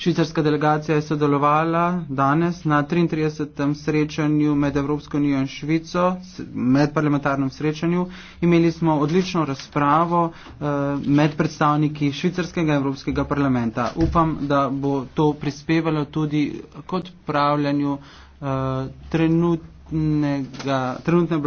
Švicarska delegacija je sodelovala danes na 33. srečanju med Evropsko unijo in Švico, med parlamentarnem srečanju. Imeli smo odlično razpravo eh, med predstavniki Švicarskega Evropskega parlamenta. Upam, da bo to prispevalo tudi k odpravljanju eh, trenutnega, trenutne blokade.